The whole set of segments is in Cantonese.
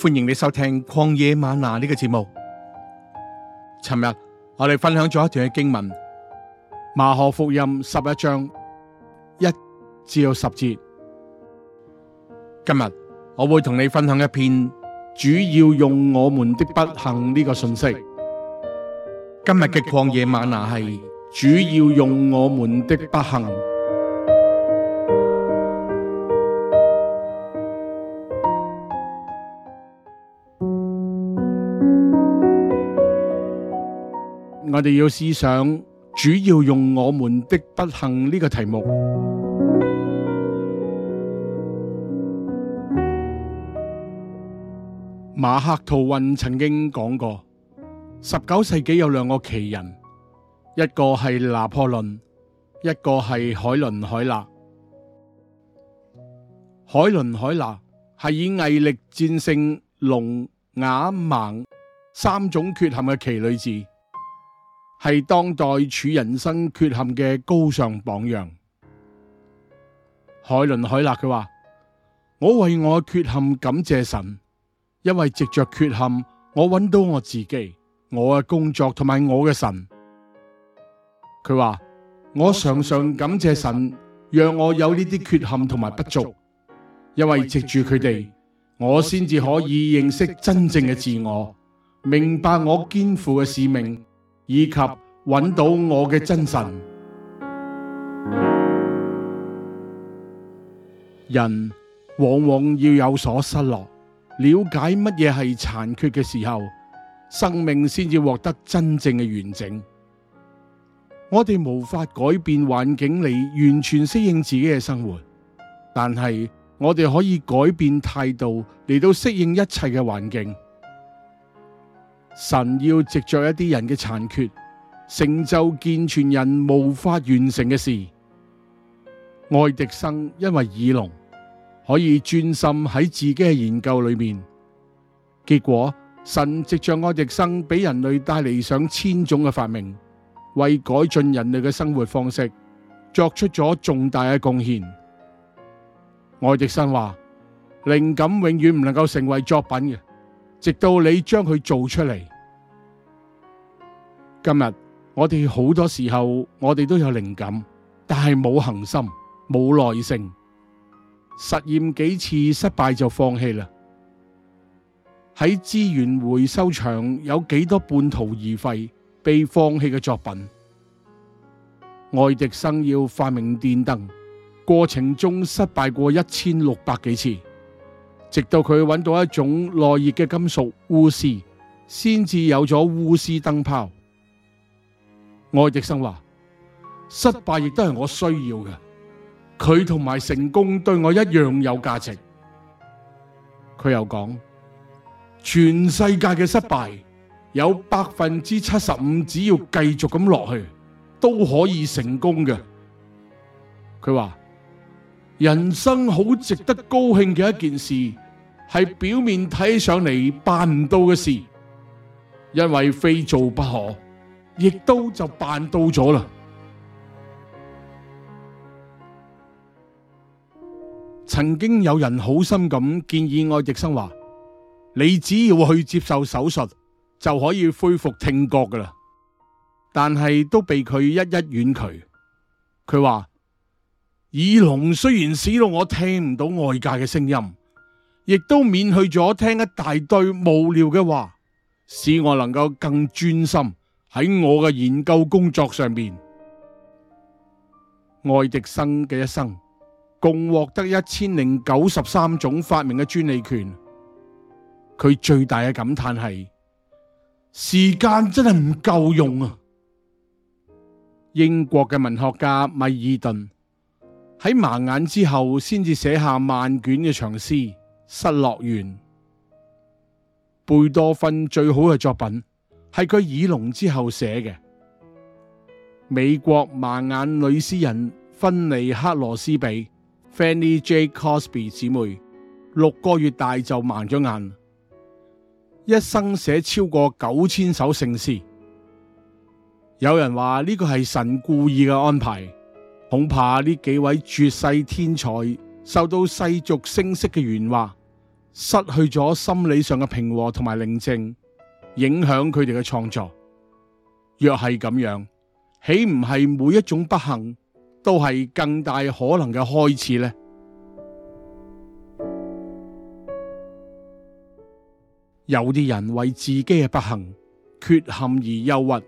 歡迎你收聽曠野嗎哪呢、這個節目。尋日我哋分享咗一段嘅經文，馬可福音十一章一至十節。今日我會同你分享一篇主要用我們的不幸呢個信息。今日嘅曠野嗎哪係，主要用我們的不幸。這個我哋要思想，主要用我們的不幸呢個題目。馬克吐温曾經講過，十九世紀有兩個奇人，一個係拿破崙，一個係海倫凱勒。海倫凱勒係以毅力戰勝聾啞盲三種缺陷嘅奇女子。係當代處人生缺陷嘅高尚榜樣。海倫海勒佢話：我為我嘅缺陷感謝神，因為藉着缺陷，我揾到我自己、我嘅工作同埋我嘅神。佢話：我常常感謝神，讓我有呢啲缺陷同埋不足，因為藉住佢哋，我先至可以認識真正嘅自我，明白我肩負嘅使命，以及揾到我嘅真神。人往往要有所失落，了解乜嘢係殘缺嘅時候，生命先至獲得真正嘅完整。我哋無法改變環境嚟完全適應自己嘅生活，但係我哋可以改變態度嚟到適應一切嘅環境。神要藉着一啲人嘅殘缺，成就健全人無法完成嘅事。愛迪生因為耳聾，可以專心喺自己嘅研究裏面，結果神藉着愛迪生俾人類帶嚟上千種嘅發明，為改進人類嘅生活方式作出咗重大嘅貢獻。愛迪生話：靈感永遠唔能夠成為作品嘅，直到你將佢做出嚟。今日我哋好多時候，我哋都有靈感，但係冇恒心，冇耐性，實驗幾次失敗就放棄啦。喺資源回收場有幾多半途而廢、被放棄嘅作品？愛迪生要發明電燈，過程中失敗過一千六百幾次，直到佢揾到一種耐熱嘅金屬鎢絲，先至有咗鎢絲燈泡。愛迪生話：失敗亦都係我需要嘅，佢同埋成功對我一樣有價值。佢又講：全世界嘅失敗有百分之七十五，只要繼續咁落去，都可以成功嘅。佢話：人生好值得高興嘅一件事，係表面睇上嚟辦唔到嘅事，因為非做不可。亦都就辦到咗啦。曾經有人好心咁建議我，愛迪生話：你只要去接受手術就可以恢復聽覺噶啦。但係都被佢一一婉拒。佢話：耳聾雖然使到我聽唔到外界嘅聲音，亦都免去咗聽一大堆無聊嘅話，使我能夠更專心。喺我嘅研究工作上邊，愛迪生嘅一生共獲得一千零九十三種發明嘅專利權。佢最大嘅感嘆係：時間真係唔夠用啊！英國嘅文學家米爾頓喺盲眼之後寫，先至寫下萬卷嘅長詩《失樂園》。貝多芬最好嘅作品，係佢耳聾之後寫嘅。美國盲眼女詩人芬尼克羅斯比 （Fanny J. c o s b y 姊妹，六個月大就盲咗眼，一生寫超過九千首聖詩。有人話呢、這個係神故意嘅安排，恐怕呢幾位絕世天才受到世俗聲色嘅喧嘩，失去咗心理上嘅平和同埋寧靜，影響佢哋嘅創作，若係咁樣，豈唔係每一種不幸都係更大可能嘅開始呢？有啲人為自己嘅不幸缺陷而憂鬱，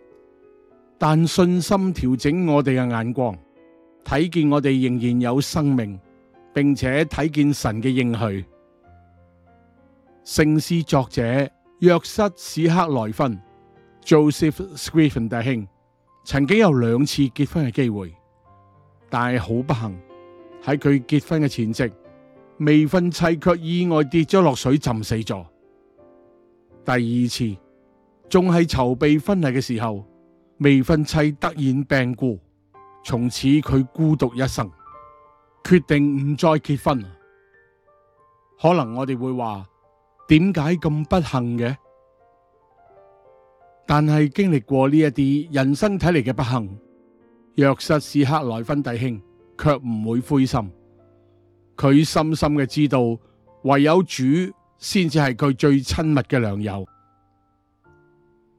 但信心調整我哋嘅眼光，睇見我哋仍然有生命，並且睇見神嘅應許。聖詩作者。若失史克萊芬 Joseph Scriven 弟兄，ing, 曾經有兩次結婚嘅機會，但係好不幸喺佢結婚嘅前夕，未婚妻却意外跌咗落水，浸死咗。第二次仲係籌備婚禮嘅時候，未婚妻突然病故，從此佢孤獨一生，決定唔再結婚。可能我哋會話。點解咁不幸嘅？但係經歷過呢一啲人生睇嚟嘅不幸，若瑟是克萊芬弟兄，卻唔會灰心。佢深深嘅知道，唯有主先至係佢最親密嘅良友。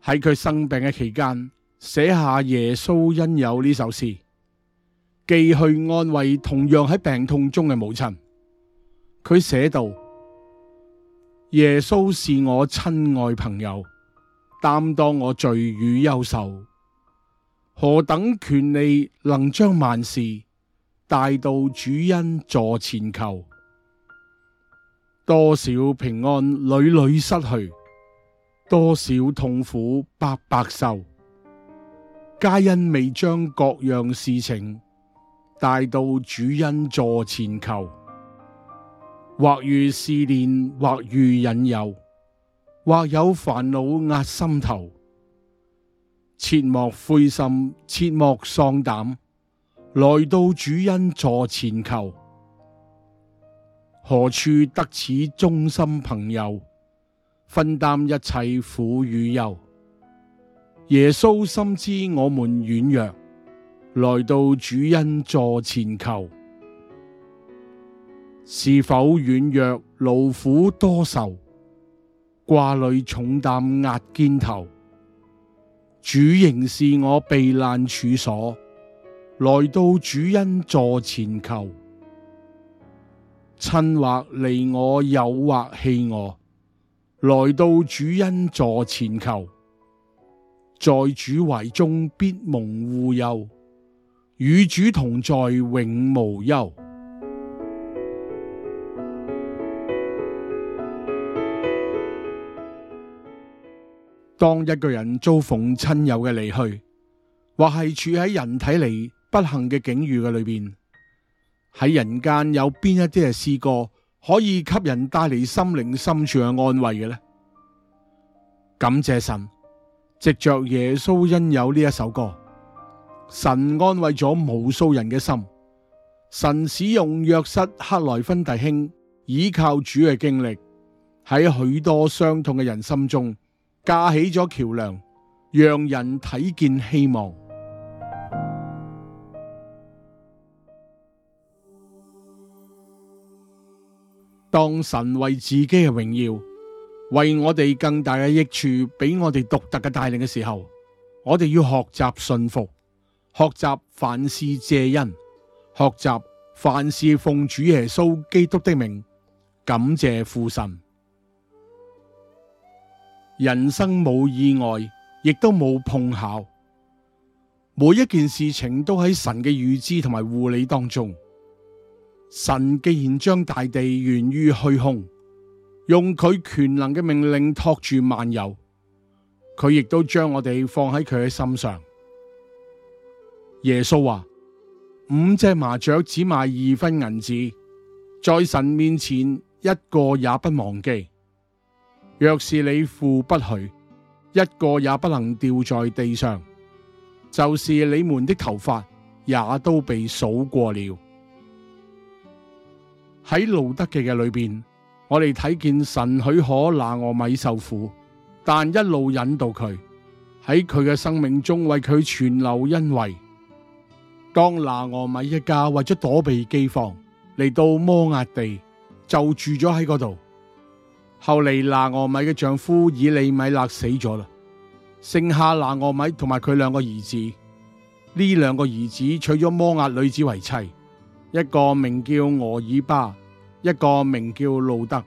喺佢生病嘅期間，寫下耶穌恩友呢首詩，寄去安慰同樣喺病痛中嘅母親。佢寫到。耶穌是我親愛朋友，擔當我罪與憂愁。何等權利能將萬事帶到主恩座前求？多少平安屢，屢屢失去，多少痛苦白白受？皆因未將各樣事情帶到主恩座前求。或遇試煉，或遇引誘，或有煩惱壓心頭，切莫灰心，切莫喪膽，來到主恩座前求，何處得此忠心朋友，分擔一切苦與憂？耶穌深知我們軟弱，來到主恩座前求。是否軟弱勞苦多愁、掛慮重擔壓肩頭？主仍是我避難處所，來到主恩座前求。親或離我友或棄我，來到主恩座前求。在主懷中必蒙護佑，與主同在永無憂。當一個人遭逢親友嘅離去，或係處喺人體嚟不幸嘅境遇嘅裏邊，喺人間有邊一啲嘅詩歌可以給人帶嚟心靈深處嘅安慰嘅呢？感謝神，藉着耶穌恩有呢一首歌，神安慰咗無數人嘅心。神使用約瑟克萊芬弟兄倚靠主嘅經歷，喺許多傷痛嘅人心中。架起咗橋樑，讓人睇見希望。當神為自己嘅榮耀，為我哋更大嘅益處，俾我哋獨特嘅帶領嘅時候，我哋要學習信服，學習凡事謝恩，學習凡事奉主耶穌基督的名，感謝父神。人生冇意外，亦都冇碰巧，每一件事情都喺神嘅預知同埋護理當中。神既然將大地懸於虛空，用佢權能嘅命令托住萬有，佢亦都將我哋放喺佢嘅心上。耶穌話：五隻麻雀只賣二分銀紙，在神面前一個也不忘記。若是你父不許，一個也不能掉在地上；就是你們的頭髮也都被數過了。喺路得記嘅裏邊，我哋睇見神許可拿俄米受苦，但一路引導佢喺佢嘅生命中為佢存留恩惠。當拿俄米一家為咗躲避飢荒嚟到摩押地，就住咗喺嗰度。後嚟拿俄米嘅丈夫以利米勒死咗啦，剩下拿俄米同埋佢兩個兒子。呢兩個兒子娶咗摩押女子為妻，一個名叫俄珥巴，一個名叫路得。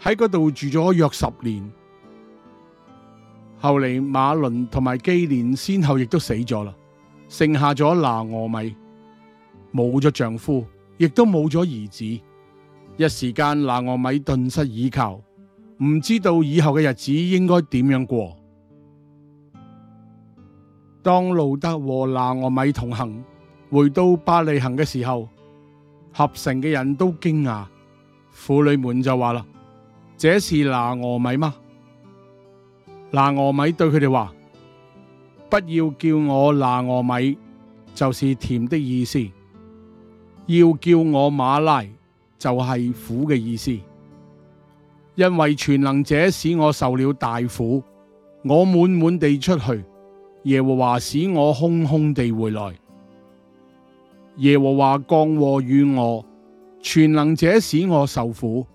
喺嗰度住咗約十年。後嚟馬倫同埋基連先後亦都死咗啦，剩下咗拿俄米，冇咗丈夫，亦都冇咗兒子。一時間，拿俄米頓失倚靠，唔知道以後嘅日子應該點樣過。當路德和拿俄米同行回到伯利恆嘅時候，合城嘅人都驚訝，婦女們就話啦：這是拿俄米嗎？拿俄米對佢哋話：不要叫我拿俄米，就是甜的意思，要叫我馬拉。就係苦嘅意思，因為全能者使我受了大苦，我滿滿地出去，耶和華使我空空地回來。耶和華降禍與我，全能者使我受苦，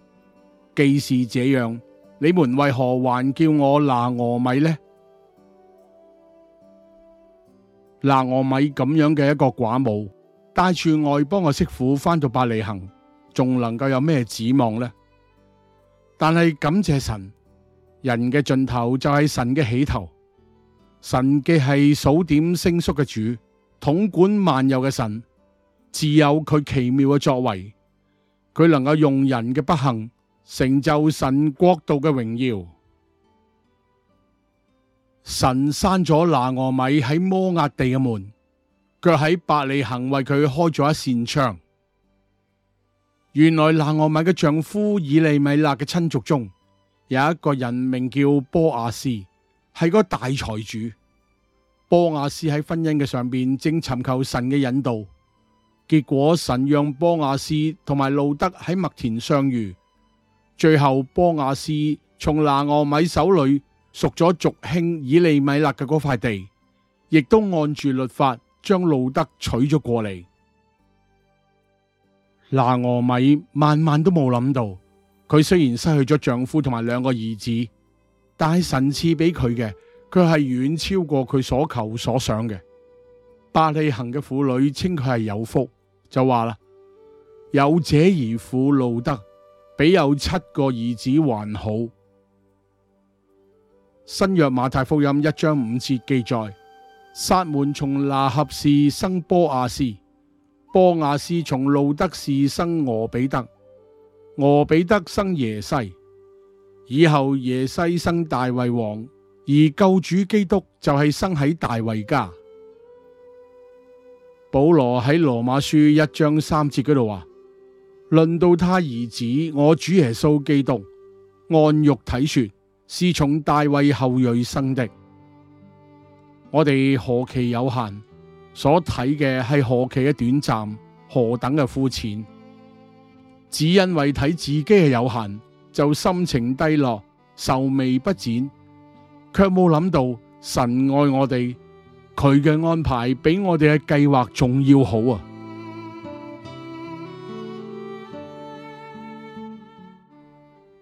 既是這樣，你們為何還叫我拿俄米呢？拿俄米咁樣嘅一個寡母，帶住外邦嘅媳婦翻到伯利恒。仲能夠有咩指望呢？但係感謝神，人嘅盡頭就係神嘅起頭。神既係數點星宿嘅主，統管萬有嘅神，自有佢奇妙嘅作為。佢能夠用人嘅不幸，成就神國度嘅榮耀。神閂咗拿俄米喺摩押地嘅門，卻喺伯利恆為佢開咗一扇窗。原來拿俄米嘅丈夫以利米勒嘅親族中有一個人名叫波亞斯，係個大財主。波亞斯喺婚姻嘅上面正尋求神嘅引導，結果神讓波亞斯同埋路德喺麥田相遇。最後波亞斯從拿俄米手裏贖咗族兄以利米勒嘅嗰塊地，亦都按住律法將路德娶咗過嚟。拿俄米萬萬都冇諗到，佢雖然失去咗丈夫同埋兩個兒子，但係神賜俾佢嘅，佢係遠超過佢所求所想嘅。伯利恒嘅婦女稱佢係有福，就話啦：有者而婦，路得比有七個兒子還好。新約馬太福音一章五節記載：撒門從喇合氏生波阿斯。波亞斯從路得氏生俄比德，俄比德生耶西，以後耶西生大衛王，而救主基督就係生喺大衛家。保羅喺羅馬書一章三節嗰度話：論到他兒子我主耶穌基督，按肉體說，是從大衛後裔生的。我哋何其有限！所睇嘅係何其嘅短暫，何等嘅膚淺，只因為睇自己係有限，就心情低落，愁眉不展，卻冇諗到神愛我哋，佢嘅安排比我哋嘅計劃仲要好啊！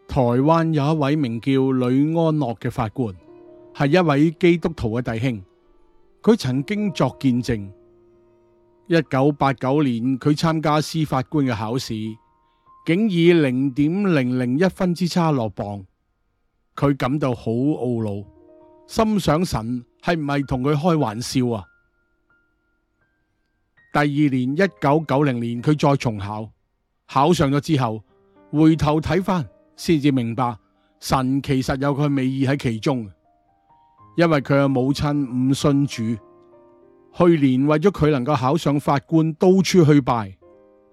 台灣有一位名叫呂安樂嘅法官，係一位基督徒嘅弟兄。佢曾經作見證，一九八九年佢參加司法官嘅考試，竟以零點零零一分之差落榜，佢感到好懊惱，心想神係唔係同佢開玩笑啊？第二年一九九零年佢再重考，考上咗之後，回頭睇翻先至明白，神其實有佢美意喺其中。因為佢嘅母親唔信主，去年為咗佢能夠考上法官，到處去拜，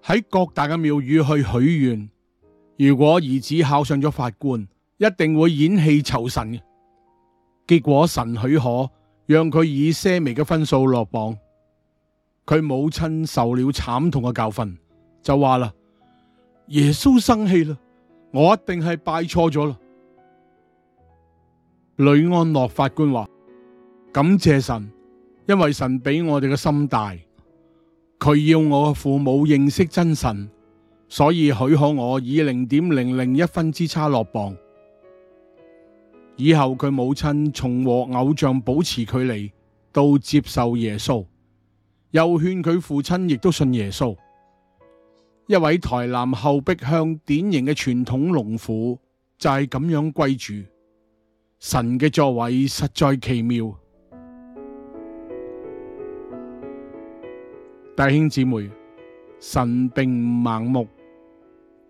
喺各大嘅廟宇去許願。如果兒子考上咗法官，一定會演戲酬神嘅。結果神許可，讓佢以些微嘅分數落榜。佢母親受了慘痛嘅教訓，就話啦：耶穌生氣啦，我一定係拜錯咗啦。呂安樂法官話：感謝神，因為神俾我哋嘅心大，佢要我父母認識真神，所以許可我以零點零零一分之差落榜。以後佢母親從和偶像保持距離到接受耶穌，又勸佢父親亦都信耶穌。一位台南後壁鄉典型嘅傳統農婦就係、是、咁樣歸主。」神嘅作為實在奇妙，弟兄姊妹，神並唔盲目，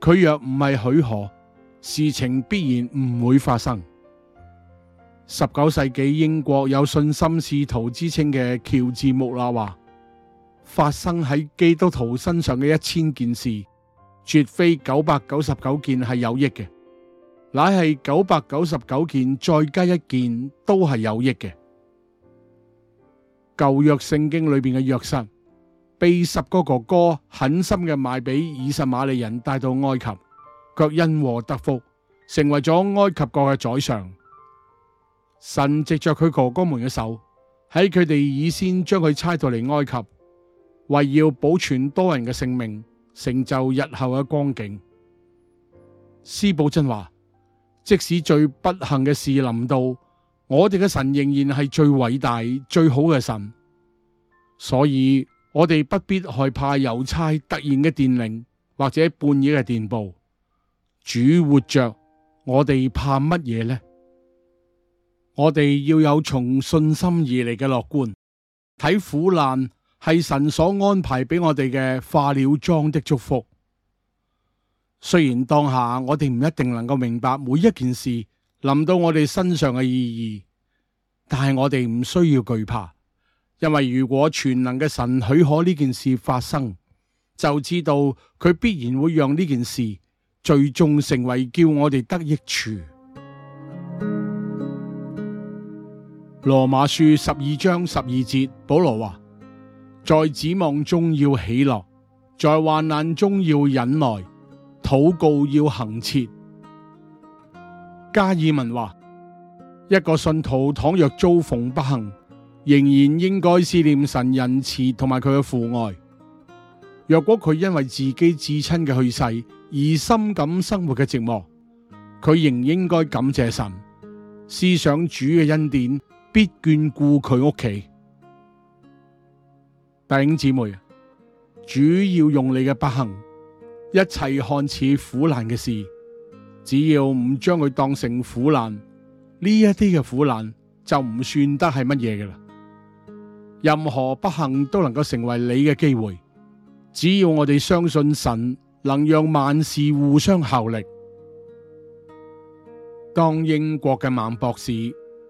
佢若唔係許可，事情必然唔會發生。十九世紀英國有信心使徒之稱嘅喬治穆納話：發生喺基督徒身上嘅一千件事，絕非九百九十九件係有益嘅。乃係九百九十九件，再加一件都係有益嘅。舊約聖經裏邊嘅約瑟，被十個哥哥哥狠心嘅賣俾以實瑪利人帶到埃及，卻因禍得福，成為咗埃及國嘅宰相。神藉着佢哥哥們嘅手，喺佢哋以先將佢差到嚟埃及，為要保存多人嘅性命，成就日後嘅光景。施寶珍話。即使最不幸嘅事臨到，我哋嘅神仍然係最偉大、最好嘅神，所以我哋不必害怕郵差突然嘅電鈴，或者半夜嘅電報。主活着，我哋怕乜嘢呢？我哋要有從信心而嚟嘅樂觀，睇苦難係神所安排俾我哋嘅化了妝的祝福。雖然當下我哋唔一定能夠明白每一件事臨到我哋身上嘅意義，但係我哋唔需要懼怕，因為如果全能嘅神許可呢件事發生，就知道佢必然會讓呢件事最終成為叫我哋得益處。羅馬書十二章十二節，保羅話：在指望中要喜樂，在患難中要忍耐。禱告要恆切。加爾文話：一個信徒倘若遭逢不幸，仍然應該思念神仁慈同埋佢嘅父愛。若果佢因為自己至親嘅去世而深感生活嘅寂寞，佢仍應該感謝神，思想主嘅恩典必眷顧佢屋企。弟兄姊妹，主要用你嘅不幸。一切看似苦難嘅事，只要唔將佢當成苦難，呢一啲嘅苦難就唔算得係乜嘢噶啦。任何不幸都能夠成為你嘅機會，只要我哋相信神能讓萬事互相效力。當英國嘅孟博士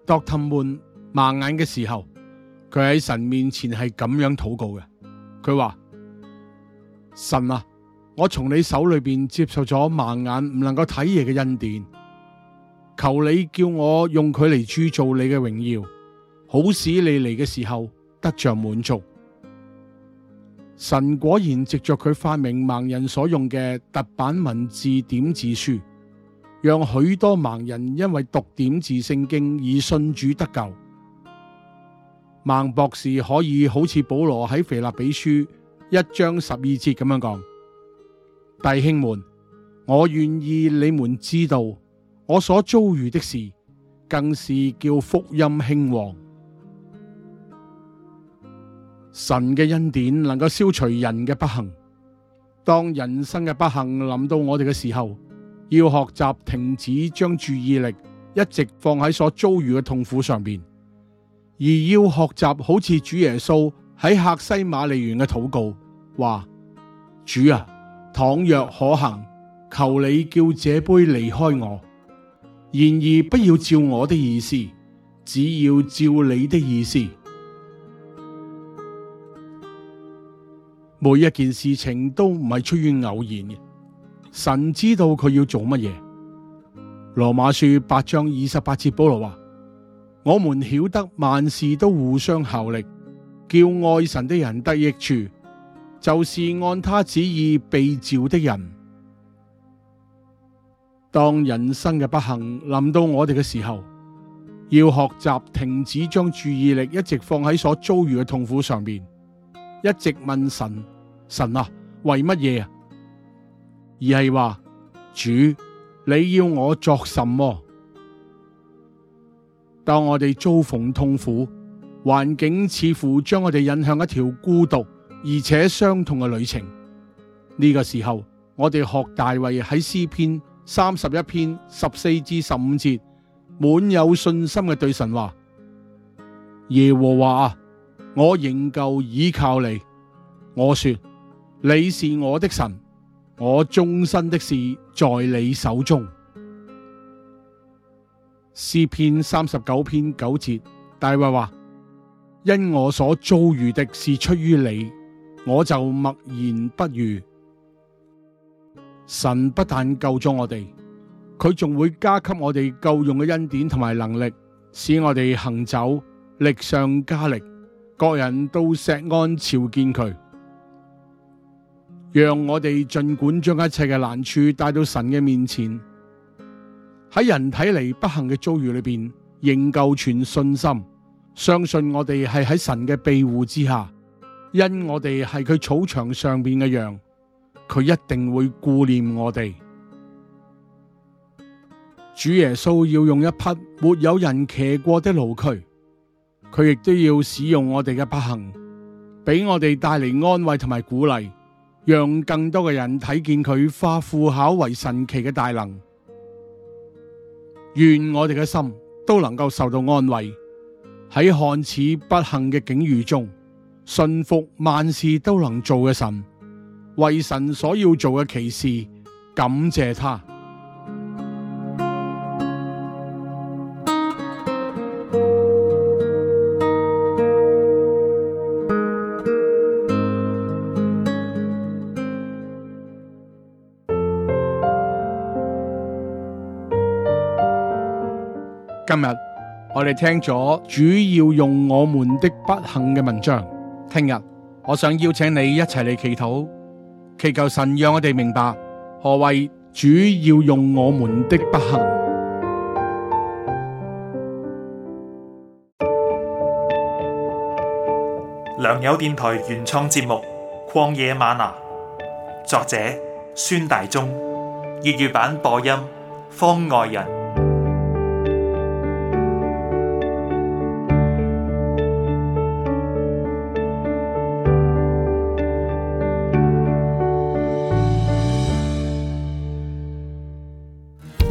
Doctor Moon 盲眼嘅時候，佢喺神面前係咁樣禱告嘅。佢話：神啊！我從你手裏邊接受咗盲眼唔能夠睇嘢嘅恩典，求你叫我用佢嚟鑄造你嘅榮耀，好使你嚟嘅時候得着滿足。神果然藉着佢發明盲人所用嘅特版文字點字書，讓許多盲人因為讀點字聖經而信主得救。盲博士可以好似保羅喺腓立比書一章十二節咁樣講。弟兄們，我願意你們知道我所遭遇的事，更是叫福音興旺。神嘅恩典能夠消除人嘅不幸。當人生嘅不幸臨到我哋嘅時候，要學習停止將注意力一直放喺所遭遇嘅痛苦上面，而要學習好似主耶穌喺客西馬尼園嘅禱告，話主啊。倘若可行，求你叫這杯離開我；然而不要照我的意思，只要照你的意思。每一件事情都唔係出於偶然嘅，神知道佢要做乜嘢。羅馬書八章二十八節保羅話：我們曉得萬事都互相效力，叫愛神的人得益處。就是按他旨意被召的人。當人生嘅不幸臨到我哋嘅時候，要學習停止將注意力一直放喺所遭遇嘅痛苦上面，一直問神：神啊，為乜嘢啊？而係話主，你要我作什麼？當我哋遭逢痛苦，環境似乎將我哋引向一條孤獨。而且相同嘅旅程呢個時候，我哋學大衛喺詩篇三十一篇十四至十五節，滿有信心嘅對神話：耶和華啊，我仍舊倚靠你。我說，你是我的神，我終身的事在你手中。詩篇三十九篇九節，大衛話：因我所遭遇的是出於你。我就默然不語。神不但救咗我哋，佢仲會加給我哋夠用嘅恩典同埋能力，使我哋行走力上加力。各人都錫安朝見佢，讓我哋盡管將一切嘅難處帶到神嘅面前。喺人睇嚟不幸嘅遭遇裏邊，仍舊存信心，相信我哋係喺神嘅庇護之下。因我哋係佢草場上邊嘅羊，佢一定會顧念我哋。主耶穌要用一匹沒有人騎過的驢駒，佢亦都要使用我哋嘅不幸，俾我哋帶嚟安慰同埋鼓勵，讓更多嘅人睇見佢化腐朽為神奇嘅大能。願我哋嘅心都能夠受到安慰，喺看似不幸嘅境遇中，信服萬事都能做嘅神，為神所要做嘅奇事，感謝他。今日我哋聽咗主要用我們的不幸嘅文章。聽日，我想邀請你一齊嚟祈禱，祈求神讓我哋明白何謂主要用我們的不幸。良友電台原創節目《曠野嗎哪》，作者孫大中，粵語版播音方外人。